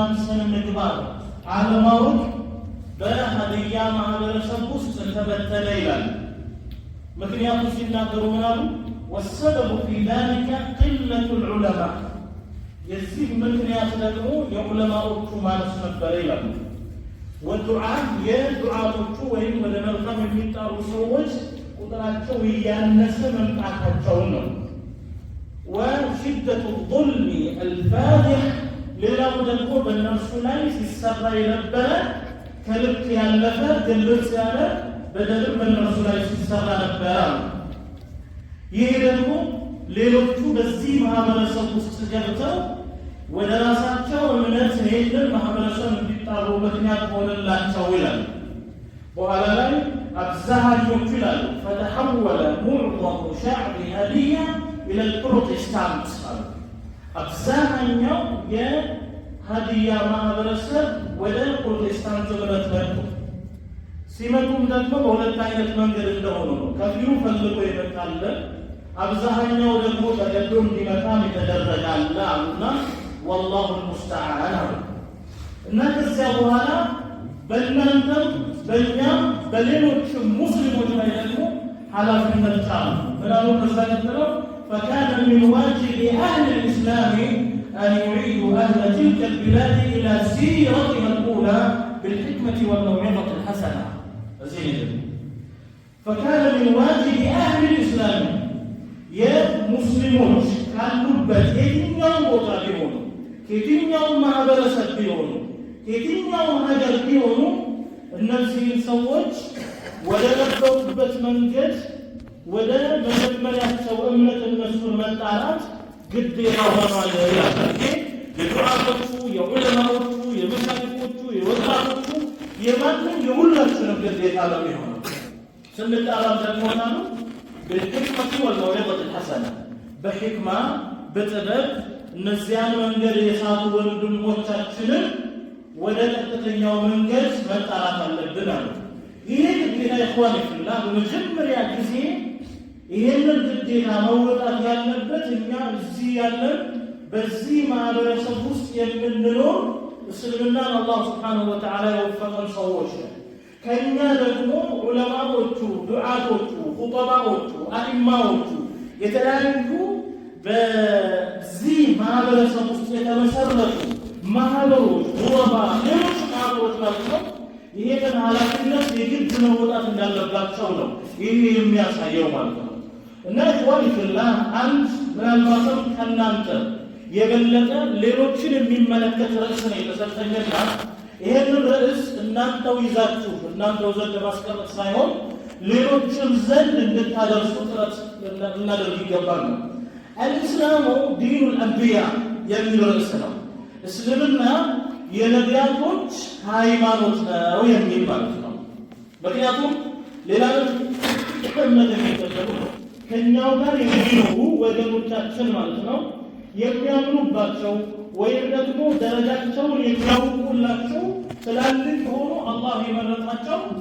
ተጋምሰን ምግባር አለማወቅ በሀዲያ ማህበረሰብ ውስጥ ተበተነ ይላል። ምክንያቱ ሲናገሩ ምናሉ ወሰበቡ ፊ ዛሊከ ቅለቱ ልዑለማ የዚህ ምክንያት ደግሞ የዑለማዎቹ ማለት ነበረ ይላሉ። ወዱዓ የዱዓቶቹ ወይም ወደ መልካም የሚጣሩ ሰዎች ቁጥራቸው እያነሰ መምጣታቸውን ነው። ወሽደቱ ظልሚ አልፋዲሕ ሌላው ደግሞ በእነርሱ ላይ ሲሰራ የነበረ ከልክ ያለፈ ግልጽ ያለ በደልም በእነርሱ ላይ ሲሰራ ነበረ። ይህ ደግሞ ሌሎቹ በዚህ ማህበረሰብ ውስጥ ገብተው ወደ ራሳቸው እምነት ይህንን ማህበረሰብ እንዲጣሩ ምክንያት ሆነላቸው ይላል። በኋላ ላይ አብዛሃኞቹ ይላሉ ፈተሐወለ ሙዕظሙ ሻዕቢ ሃዲያ ኢለል ፕሮቴስታንት አሉ አብዛኛው የሀዲያ ማህበረሰብ ወደ ፕሮቴስታንት እምነት መጡ። ሲመጡም ደግሞ በሁለት አይነት መንገድ እንደሆኑ ነው። ከፊሉ ፈልጎ ይመጣለ፣ አብዛኛው ደግሞ ተገዶ እንዲመጣም የተደረጋለ አሉና ወላሁ ልሙስተዓን አሉ እና ከዚያ በኋላ በእናንተም በእኛም በሌሎችም ሙስሊሞች ላይ ደግሞ ኃላፊነት ጫሉ ምናሉ ከዛ فكان من واجب أهل الإسلام أن يعيدوا أهل تلك البلاد إلى سيرتها الأولى بالحكمة والموعظة الحسنة فكان من واجب أهل الإسلام يا مسلمون كالبت የትኛውም ቦታ ቢሆኑ ከየትኛውም ማህበረሰብ ቢሆኑ هجر ሀገር النفس እነዚህን ولا ወደ من جد ወደ መጀመሪያ ሰው እምነት እነሱን መጣራት ግዴታ ሆኗል ይላል። የዱዓቶቹ፣ የዑለማዎቹ፣ የመሳይኮቹ፣ የወጣቶቹ የማንም የሁላችንም ግዴታ ነው የሚሆነው። ስንጣራም ደግሞና ነው በሕክመቱ ወልመውዒዘት ልሐሰና በሕክማ በጥበብ እነዚያን መንገድ የሳቱ ወንድሞቻችንን ወደ ቀጥተኛው መንገድ መጣራት አለብን አሉ። ይህ ግዴታ ይሆን ይችላል በመጀመሪያ ይህንን ግዴታ መወጣት ያለበት እኛ እዚህ ያለን በዚህ ማህበረሰብ ውስጥ የምንኖር እስልምናን አላህ ስብሓነሁ ወተዓላ የወፈቀን ሰዎች ነው። ከእኛ ደግሞ ዑለማዎቹ፣ ዱዓቶቹ፣ ኹጠባዎቹ፣ አኢማዎቹ የተለያዩ በዚህ ማህበረሰብ ውስጥ የተመሰረቱ ማህበሮች ጉረባ፣ ሌሎች ማህበሮች ናቸው። ይሄንን ኃላፊነት የግድ መወጣት እንዳለባቸው ነው ይህ የሚያሳየው ማለት ነው። እና ዋሊፍላ አንድ ምናልባትም ከእናንተ የበለጠ ሌሎችን የሚመለከት ርዕስ ነው የተሰጠኝና ይህንን ርዕስ እናንተው ይዛችሁ እናንተው ዘንድ ማስቀመጥ ሳይሆን ሌሎችም ዘንድ እንድታደርሱ ጥረት እናደርግ ይገባል ነው። አልእስላሙ ዲኑ ልአንቢያ የሚል ርዕስ ነው። እስልምና የነቢያቶች ሃይማኖት ነው የሚል ማለት ነው። ምክንያቱም ሌላ እምነት የሚፈለጉ ነው ከእኛው ጋር የሚኖሩ ወገኖቻችን ማለት ነው የሚያምኑባቸው ወይም ደግሞ ደረጃቸውን የሚያውቁላቸው ትላልቅ ሆኖ አላህ የመረጣቸው